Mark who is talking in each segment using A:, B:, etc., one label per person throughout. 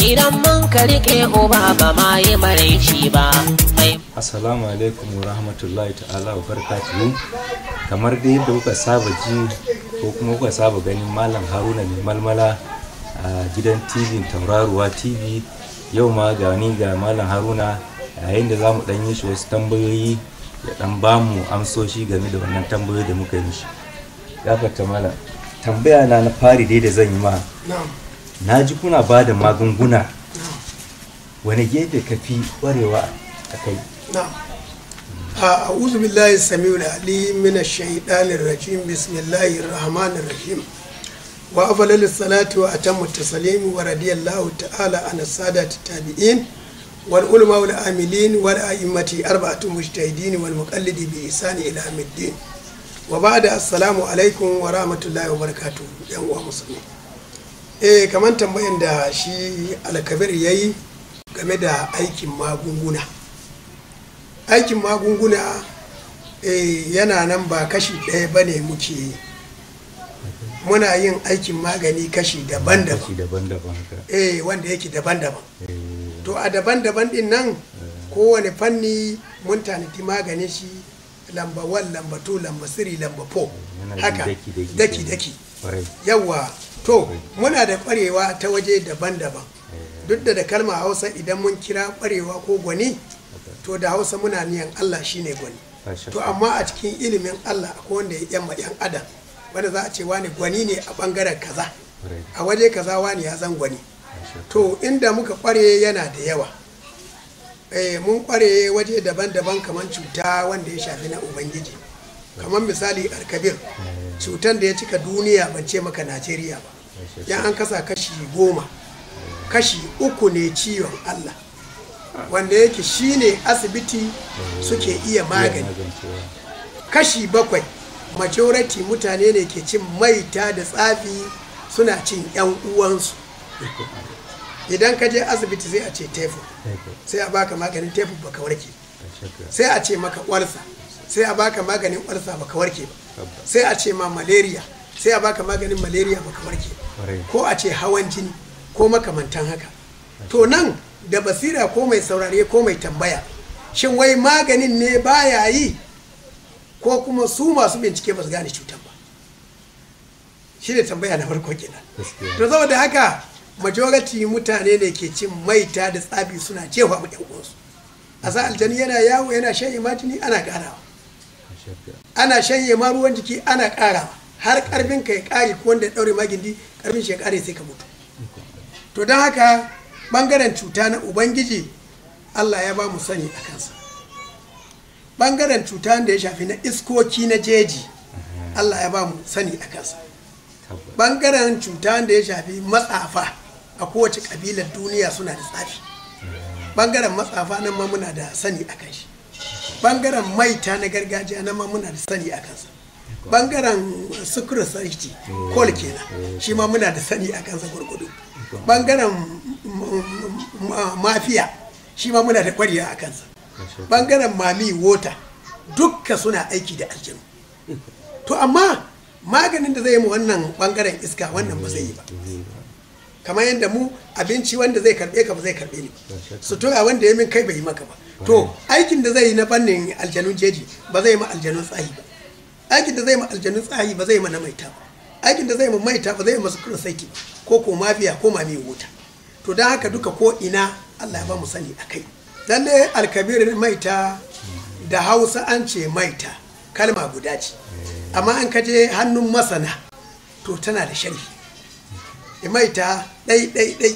A: idan mun ka rike uba ba ma yi maraici ba
B: assalamu alaikum wa rahmatullahi ta'ala wa barakatuhu kamar dai, yadda kuka saba ji ko kuma kuka saba ganin malam haruna mai malmala a gidan tv tauraruwa tv yau ma ga ni ga malam haruna yayin da za mu ɗan yi shi wasu tambayoyi ya ɗan ba mu amsoshi game da wannan tambayoyi da muka yi shi. ya fata malam tambaya na na fari dai da zan yi ma na ji kuna ba da magunguna wani gefe ka fi kwarewa a kai
A: a uzu billahi samiul ali min ash-shaytanir rajim bismillahir rahmanir rahim wa afdalu salati wa atammu tasalimi wa radiyallahu ta'ala an ta tabi'in wal ulama wal amilin wal a'immati arba'atu mujtahidin wal muqallidi bi ihsan ila yawmiddin wa ba'da assalamu alaikum wa rahmatullahi wa barkatu yan uwa musulmi eh kamar tambayan da shi alkabir ya yi game da aikin magunguna aikin magunguna eh, yana nan ba kashi ɗaya ba ne muke yi muna yin aikin magani kashi daban-daban eh, wanda yake daban-daban eh. to a daban-daban din nan eh. kowane fanni mun tanadi maganin shi lamba 1 lamba 2 lamba 3 lamba 4 haka daki-daki yawa to muna da kwarewa ta waje daban-daban duk da da kalmar hausa idan mun kira kwarewa ko gwani to da hausa muna niyan allah shine gwani to amma a cikin ilimin allah ko wanda ya yamma yan adam wanda za a ce wani gwani ne a bangaren kaza a waje kaza wani ya zan gwani to inda muka kware yana da yawa eh, mun kware waje daban-daban kamar cuta wanda ya shafi na ubangiji kamar misali alkabir hmm. cutan da ya cika duniya ban ce maka najeriya ba ya an kasa kashi goma kashi uku ne ciwon allah wanda yake shine asibiti suke iya magani kashi bakwai majority mutane ne ke cin maita da tsafi suna cin yan uwansu idan ka je asibiti sai a ce tefu sai a baka maganin tefu baka warke sai a ce maka ƙwarsa sai a baka maganin ƙwarsa baka warke ba sai a ce ma malaria sai a baka maganin malaria baka warke ko a ce hawan jini ko makamantan haka to nan da basira ko mai saurare ko mai tambaya shin wai maganin ne baya yi ko kuma su masu bincike ba su gane cutar ba shi ne tambaya na farko kenan to saboda haka majority mutane ne ke cin maita da tsabi suna cewa mu yan uwansu a sa aljani yana yawo yana shan imajini ana ganawa ana shanye ma ruwan jiki ana ƙara har ƙarfin ka ya ƙare ko wanda ya ɗaure magindi ƙarfin shi ya ƙare sai ka mutu to don haka ɓangaren cuta na ubangiji allah ya ba mu sani a kansa ɓangaren cuta da ya shafi na iskoki na jeji allah ya ba mu sani a kansa ɓangaren cuta da ya shafi matsafa a kowace ƙabilar duniya suna da tsafi ɓangaren matsafa nan ma muna da sani a kan bangaren maita na gargajiya na ma muna da sani a kansa bangaren sukura sarki kol kenan shi ma muna da sani a kansa gurgudu bangaren mafiya shi ma muna da kwariya a kansa bangaren mami wota dukka suna aiki da aljanu to amma maganin da zai mu wannan bangaren iska wannan ba zai yi ba kamar yadda mu abinci wanda zai karbe ka ba zai karbe ni su toya wanda ya min kai bai yi maka ba to aikin da zai yi na fannin aljanun jeji ba zai ma aljanun tsahi ba aikin da zai ma aljanun tsahi ba zai ma na maita ba aikin da zai ma maita ba zai ma saiti ko ko mafiya ko mami wuta to don haka duka ko ina Allah ya ba mu sani a kai lalle alkabirin maita da hausa an ce maita kalma guda ce eh. amma an kaje hannun masana to tana da sharhi maita ɗai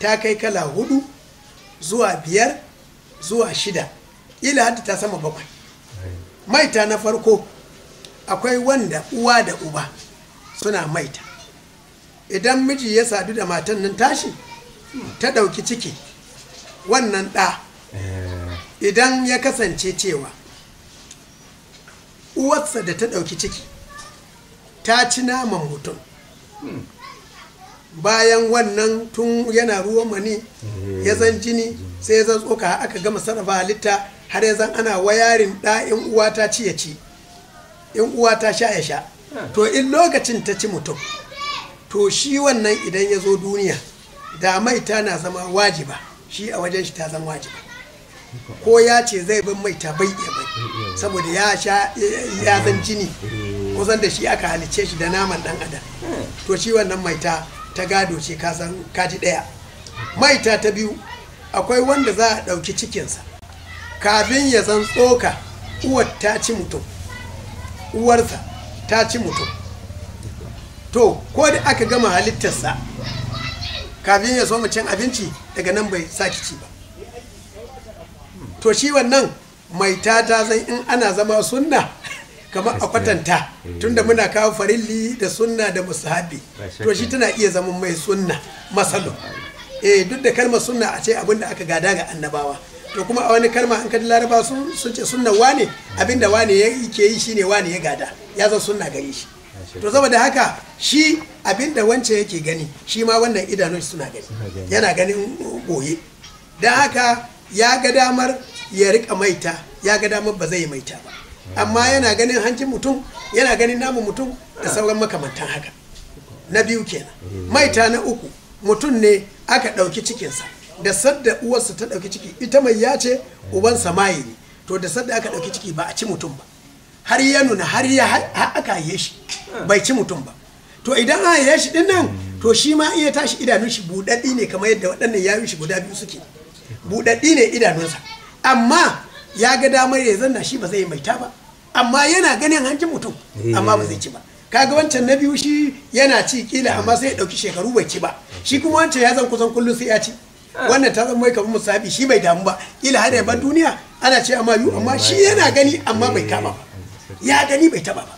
A: ta kai kala hudu zuwa biyar zuwa shida ila hadda ta sama bakwai maita na farko akwai wanda uwa da uba suna maita idan miji ya sadu da matan nan tashi ta ɗauki ciki wannan ɗa idan ya kasance cewa uwarsa da ta ɗauki ciki ta ci naman mutum bayan wannan tun yana ruwan mani ya zan jini sai zan ka aka gama sarrafa halitta har ya zan ana wayarin da in uwa ta ci ya ci in uwa ta sha ya sha to in lokacin ta ci mutum to shi wannan idan ya zo duniya da maita na zama wajiba shi a wajen shi ta zama wajiba ko ya ce zai bin maita bai iya bai saboda ya sha ya zan jini kusan da shi aka halice shi da naman dan adam to shi wannan maita ta gado ce ka san kaji daya maita ta biyu akwai wanda za a ɗauki cikinsa kafin ya zan tsoka uwar ta ci mutum uwarsa ta ci mutum to ko da aka gama halittarsa kafin ya so cin abinci daga nan bai saki ci ba to shi wannan mai tata zai in ana zama sunna kamar a kwatanta eh. tunda muna kawo farilli da sunna da musahabi to shi tana iya zama mai sunna masalo eh duk da kalmar sunna a ce abin da aka gada ga annabawa to kuma a wani kalma an kadi laraba sun sun ce sunna wane abin da wane yake yi shine wane ya gada ya zan sunna gare shi to saboda haka shi abin da wance yake gani shi ma wannan idanun suna gani yana ganin goye don haka ya ga damar ya rika maita ya ga damar ba zai yi maita ba amma yana ganin hancin mutum yana ganin namun mutum da sauran makamantan haka na biyu kenan eh. maita na uku mutum ne aka ɗauki cikinsa da sadda uwarsa ta ɗauki ciki ita mai ya ce ubansa maye ne to da sadda aka ɗauki ciki ba a ci mutum ba har ya nuna har ya aka haye shi bai ci mutum ba to idan a haye shi dinnan to shi ma iya tashi idanun shi buɗaɗɗi ne kamar yadda waɗannan yawun shi guda biyu suke buɗaɗɗi ne idanunsa amma ya ga damar ya zanna shi ba zai mai ta ba amma yana ganin hancin mutum amma ba zai ci ba kaga wancan na biyu shi yana ci kila amma sai ya dauki shekaru bai ci ba shi kuma wancan ya zan kusan kullum sai ya ci wannan ta zama kamar musabi shi bai damu ba kila har ya ban duniya ana ce amma yu amma shi yana gani amma bai kama ba ya gani bai taba ba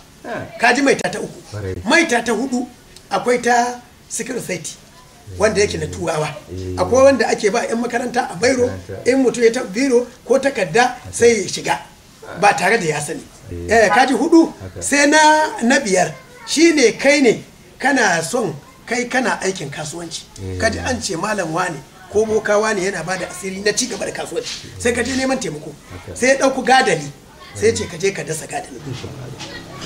A: kaji mai ta ta uku mai ta ta hudu akwai ta sikir saiti wanda yake na turawa akwai wanda ake ba yan makaranta a bairo in mutum ya ta biro ko takarda sai ya shiga ba tare da ya sani Eh, eh kaji hudu sai na na biyar shine kai ne kana son kai kana aikin kasuwanci eh. kaji an ce malam wane ko bokawa ne yana bada asiri na cigaba da kasuwanci sai kaje neman taimako sai dauku gadali sai ce kaje ka dasa gadali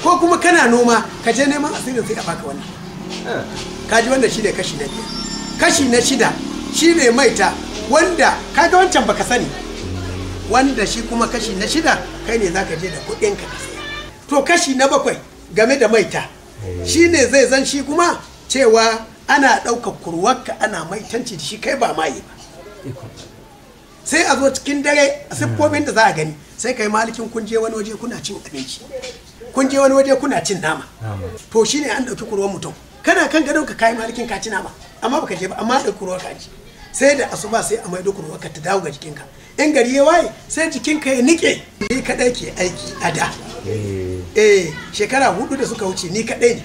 A: ko kuma kana noma kaje neman asirin sai a baka wannan eh. kaji wannan shine kashi na biyar kashi na shida shine maita wanda kaga wancan baka sani wanda shi kuma kashi na shida kai ne zaka je da kudin ka saya to kashi na bakwai game da maita shine zai zan shi kuma cewa ana ɗaukar kurwarka ana maitanci da shi kai ba maye ba sai a zo cikin dare a siffofin da za a gani sai kai malikin kun je wani waje kuna cin abinci kun je wani waje kuna cin nama to shine an ɗauki kurwar mutum kana kan gado ka kai malikin ka ci nama amma baka je ba amma ɗauki kurwar ka ci sai da asuba sai a maido kurwar ka ta dawo ga jikinka in gari ya waye sai jikinka ya nike ni kadai ke aiki a da eh, eh shekara hudu da suka wuce ni kadai ne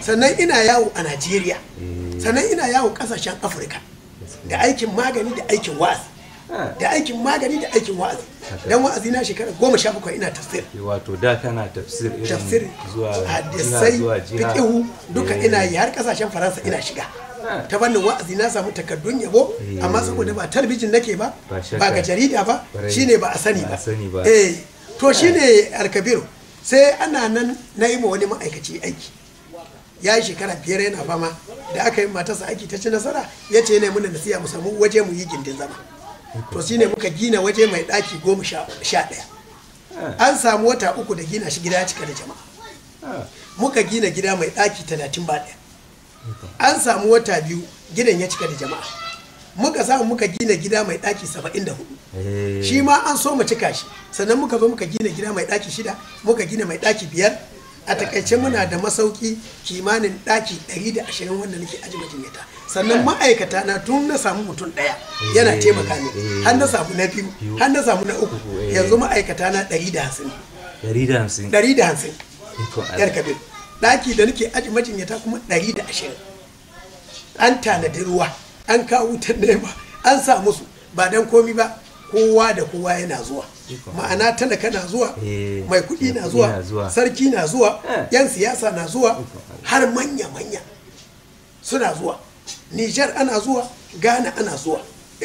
A: sannan ina yawo a najeriya eh. sannan ina yawo kasashen afirka da aikin magani da aikin wa'azi ah. da aikin magani da aikin wa'azi dan wa'azi na shekara goma sha bakwai ina tafsir
B: eh, wato da kana tafsir tafsir zuwa hadisai fiqihu duka ina yi
A: har kasashen faransa ina shiga ta fannin wa'azi na samu takardun yabo amma saboda ba talabijin nake ba ba ga jarida ba shine ba a sani ba eh to shine alkabiru sai ana nan na yi ma wani ma'aikaci aiki ya yi shekara biyar yana fama da aka yi matarsa aiki ta ci nasara ya ce muna nasiya mu samu waje mu yi gindin zama to shine muka gina waje mai daki goma sha ɗaya ah. an samu wata uku da gina shi gida ya cika da jama'a ah. muka gina gida mai daki talatin ba ɗaya an samu wata biyu gidan ya cika da jama'a muka samu muka gina gida mai daki saba'in da hudu eh. shi ma an so mu cika shi sannan muka zo muka gina gida mai daki shida muka gina mai daki biyar a takaice muna da masauki kimanin daki 120 wanda nake aji majinyata sannan ma'aikata na tun na samu mutum ɗaya yana eh. taimaka ne har na samu na biyu har na samu na uku eh. yanzu ma'aikata na
B: 150 150
A: 150 kabir. ɗaki da nake aji majinyata kuma ɗari da ashirin an tanadi ruwa an kawo wutar nema an sa musu ba dan komi ba kowa da kowa yana zuwa ma'ana talaka na zuwa eh, mai kuɗi na zuwa sarki na zuwa eh. yan siyasa na zuwa har manya-manya suna zuwa nijar ana zuwa ghana ana zuwa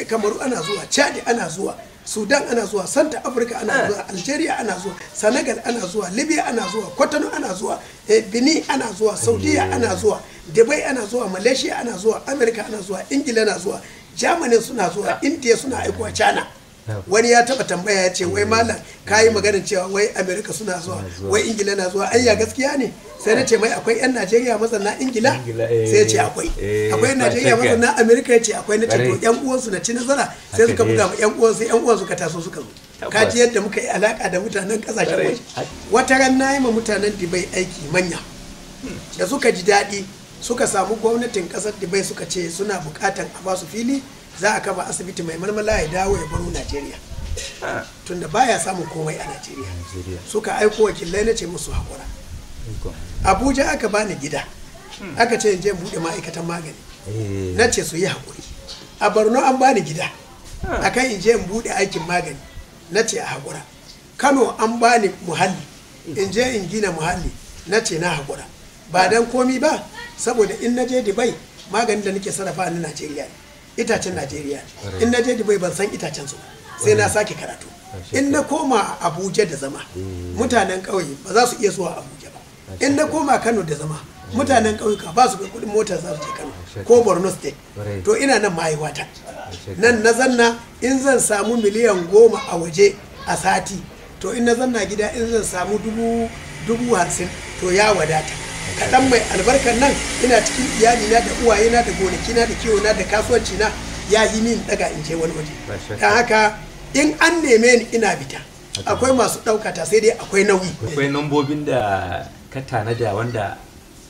A: kamaru ana zuwa chadi ana zuwa sudan ana zuwa santa afirka ana zuwa algeria ana zuwa senegal ana zuwa libya ana zuwa kwatano ana zuwa benin ana zuwa saudiya ana zuwa dubai ana zuwa malaysia ana zuwa amurka ana zuwa ingila ana zuwa germany suna zuwa india suna aikowa china wani ya taba tambaya ya ce wai malam ka yi magana cewa wai amerika suna zuwa wai ingila na zuwa ayya gaskiya ne sai na ce mai akwai yan najeriya mazana ingila sai ya ce eh, akwai eh, akwai najeriya mazana amerika ya ce akwai na ce to yan uwansu na ci nazara sai suka buga ma yan uwansu yan uwansu ka taso suka zo ka ji yadda muka yi alaka da mutanen kasashen waje wata ran na yi ma mutanen dubai aiki manya da suka ji daɗi suka samu gwamnatin ƙasar dubai suka ce suna buƙatan a basu fili za a kama asibiti mai marmala ya dawo ya baro najeriya tunda baya samun komai a najeriya suka aiko wakilai na ce musu haƙura abuja aka bani gida hmm. aka ce je buɗe ma'aikatan magani eh. na ce su yi haƙuri a borno an bani gida hmm. akan in je in buɗe aikin magani na ce a haƙura kano an bani muhalli in je in gina muhalli na ce na haƙura ba dan komi ba saboda in na je dubai maganin da nake sarrafa na najeriya ne itacen najeriya in na je dubai ban san itacen su sai na sake karatu in na koma abuja da zama mm. mutanen ƙauye ba za su iya zuwa abuja ba in na koma kano da zama mutanen ƙauyuka ba su kuɗin mota za su je kano ko borno state to ina nan ma'aiwata nan na zanna in zan samu miliyan goma a waje a sati to in na zanna gida in zan samu dubu hamsin to ya wadata kaɗan mai albarkar nan ina cikin iyali na da uwayena da gonakina da kiwona da kasuwancina ya yi min daga in je wani waje don haka in an neme ni ina bita akwai masu ɗaukata sai dai akwai nauyi
B: akwai nambobin da ka tanada wanda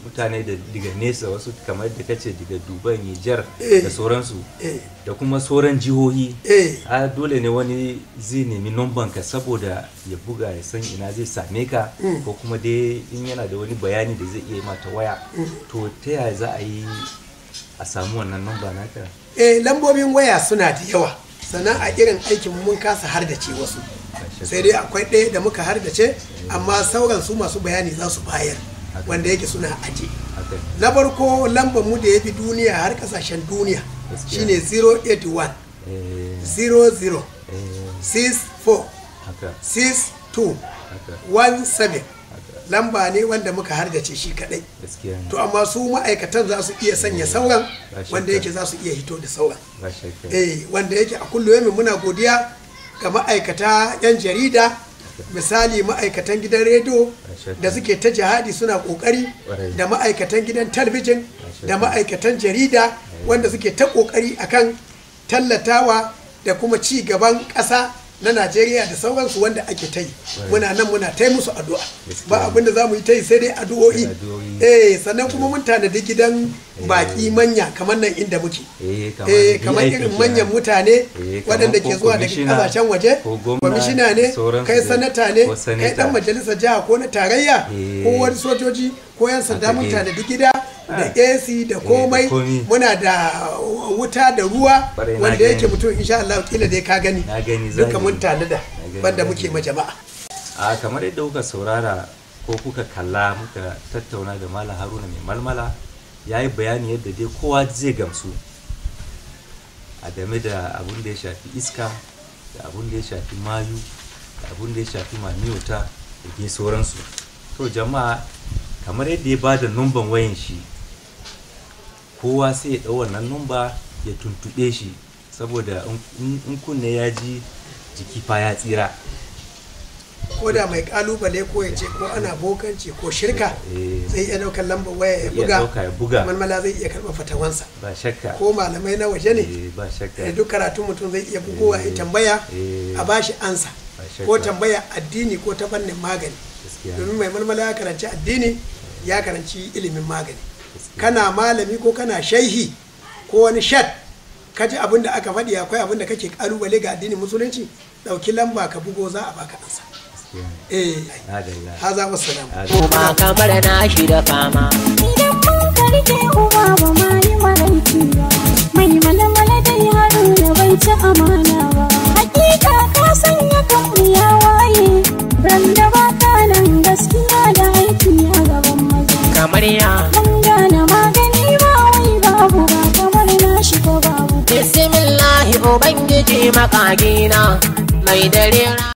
B: mutane da daga nesa wasu kamar da kace daga dubai nijar eh. da sauransu eh. da kuma sauran jihohi eh. a dole ne wani zai nemi ka saboda ya buga ya san ina zai same ka hmm. ko kuma dai in yana da wani bayani da zai iya mata waya hmm. to ta yaya za a yi a samu wannan nomba naka
A: eh lambobin waya suna da yawa sannan a irin aikin mun kasa har da ce wasu sai dai akwai ɗaya da muka har da ce hmm. amma sauran su masu bayani za su bayar wanda yake suna aje na farko lambar mu da ya fi duniya har kasashen duniya shine 081 00 64 62 17 lamba ne wanda muka hargace shi kadai to amma su ma'aikatan za su iya sanya eh. sauran wanda yake za su iya hito da sauran eh, wanda yake a kullum muna godiya ga ma'aikata yan jarida misali ma'aikatan gidan rediyo da suke ta jihadi suna kokari da ma'aikatan gidan talbijin da ma'aikatan jarida wanda suke ta kokari akan tallatawa da kuma ci gaban kasa. na Najeriya da sauransu wanda ake ta yi muna nan muna ta musu addu'a ba abin da zamu yi ta yi sai dai addu'o'i eh sannan kuma eh. mun tanadi gidan eh. baki manya kamar nan inda muke
B: eh kamar eh, irin manyan mutane waɗanda ke zuwa daga kasashen waje kwamishina ne kai sanata
A: ne kai dan majalisar jiha ko na tarayya ko wani sojoji ko yan sanda mun tanadi gida da ac da eh, komai muna da wuta da ruwa wanda yake mutum insha Allah kila dai ka gani duka mun tanada banda muke ma jama'a
B: a kamar yadda kuka saurara ko kuka kalla muka tattauna da malam haruna mai malmala ya yi bayani yadda dai kowa zai gamsu a game da abun da ya shafi iska da abun da ya shafi mayu da abun da ya shafi mamiyota da ke sauransu to jama'a kamar yadda ya ba da numban wayan shi kowa sai ya ɗau wannan numba ya tuntuɓe shi saboda in kunne ya ji jiki fa ya tsira
A: ko da mai kalubale ko ya ce ko ana bokanci ko shirka eh. zai iya daukar lambar waya ya buga malmala zai iya karɓar fatawansa ko malamai na waje ne eh, ba eh, duk karatun mutum zai iya bugowa ya tambaya a bashi ansa ko tambaya addini ko ta fannin magani domin mai malmala ya karanci addini ya karanci ilimin magani kana malami ko kana shaihi ko wani shat ka ji abin da aka faɗi akwai abin da kake kalubale ga addinin musulunci ɗauki lamba ka bugo za a baka ansa eh haza wassalam kuma kamar na shi da fama idan mun karke uwa ba ma yi maranci ba mai
B: malamala dai da bai ci amana ba hakika ka sanya kan ya waye ran da ba nan gaskiya da
A: amarya mun gane magani ba wai babu ba kamar na shi ko babu bismillahi ubangiji makagina mai dare